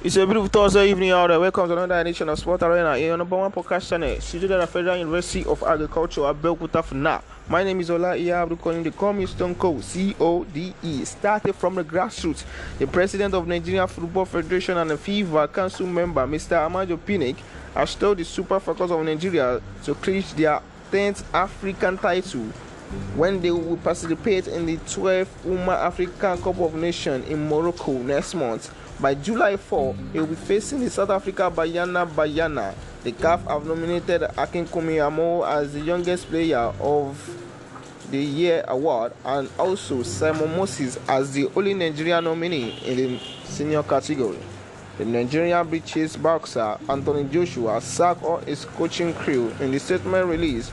It's a beautiful Thursday evening out there. Welcome to another edition of Sport Arena, a number one podcast channel, situated at Federal University of Agriculture at Belkuta FNA. My name is Ola Iyabdu calling the Coming Stone Co. C-O-D-E. Started from the grassroots. The president of Nigeria Football Federation and the FIFA council member, Mr. Amadio Pinnick, has told the Super Falcons of Nigeria to clinch their 10th African title when they will participate in the 12th Uma African Cup of Nations in Morocco next month. By July 4, he will be facing the South Africa Bayana Bayana. The CAF have nominated Akin Kumiyamo as the youngest player of the Year award and also Simon Moses as the only Nigerian nominee in the senior category. The Nigerian British boxer Anthony Joshua sacked all his coaching crew in the statement released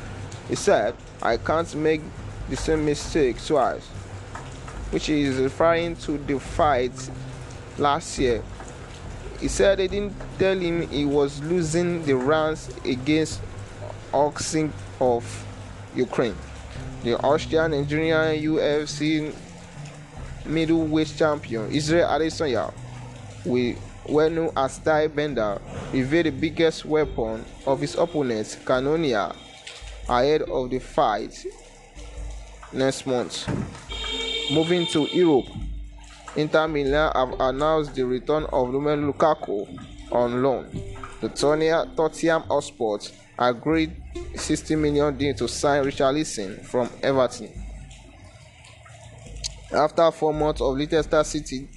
He said, I can't make the same mistake twice, which is referring to the fight last year. He said they didn't tell him he was losing the rounds against Oxing of Ukraine. The Austrian and Junior UFC middleweight champion Israel Adesanya, with well known as Ty Bender, revealed the biggest weapon of his opponent, Canonia, ahead of the fight next month. Moving to Europe, Inter Milan have announced the return of Romelu Lukaku on loan. The Tottenham Hotspur agreed 60 million deal to sign Richard Richarlison from Everton. After four months of Leicester City,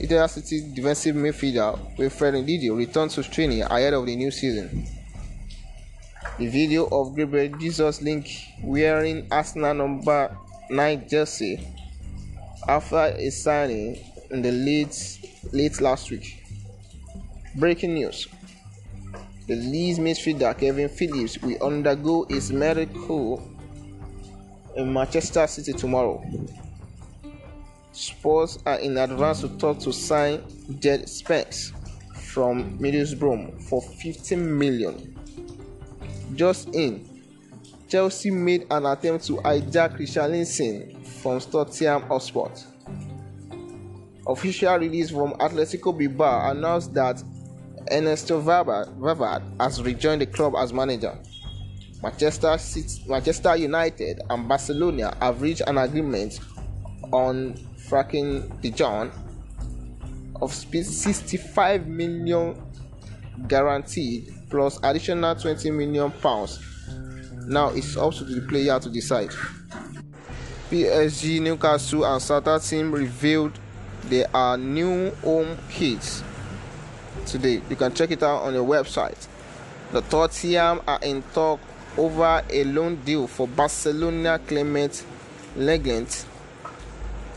Leicester City defensive midfielder Wilfred Ndidi returned to training ahead of the new season. The video of Gabriel Jesus Link wearing Arsenal number 9 jersey after a signing in the late late last week. Breaking news. The Leeds midfielder Kevin Phillips will undergo his medical in Manchester City tomorrow. Spurs are in advance to talk to sign Jed Spence from Middlesbrough for 15 million. Just in, Chelsea made an attempt to hijack Richarlison from Stottiam Hotspur. Official release from Atletico Bilbao announced that Ernesto Valverde has rejoined the club as manager. Manchester, City, Manchester United and Barcelona have reached an agreement on fracking the John of 65 million guaranteed plus additional 20 million pounds. Now it's up to the player to decide. PSG, Newcastle, and Southampton revealed are new home kits today. You can check it out on their website. The Tottenham are in talk over a loan deal for Barcelona Clement Legend.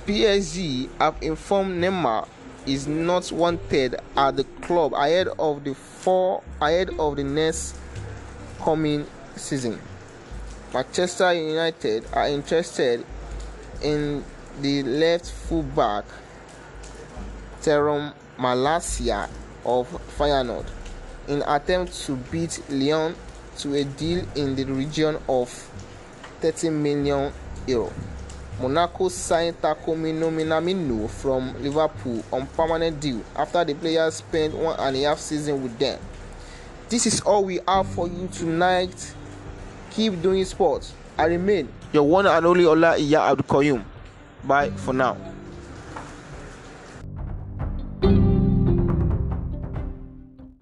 PSG have informed Neymar is not wanted at the club ahead of the four ahead of the next coming season. Manchester United are interested in the left fullback Terum Malasia of Feyenoord in attempt to beat Lyon to a deal in the region of 30 million euro. Monaco signed Takumi Minamino from Liverpool on permanent deal after the player spent one and a half season with them. This is all we have for you tonight. Keep doing sports. I remain your one and only Ola Iya Abdul Koyum. Bye for now.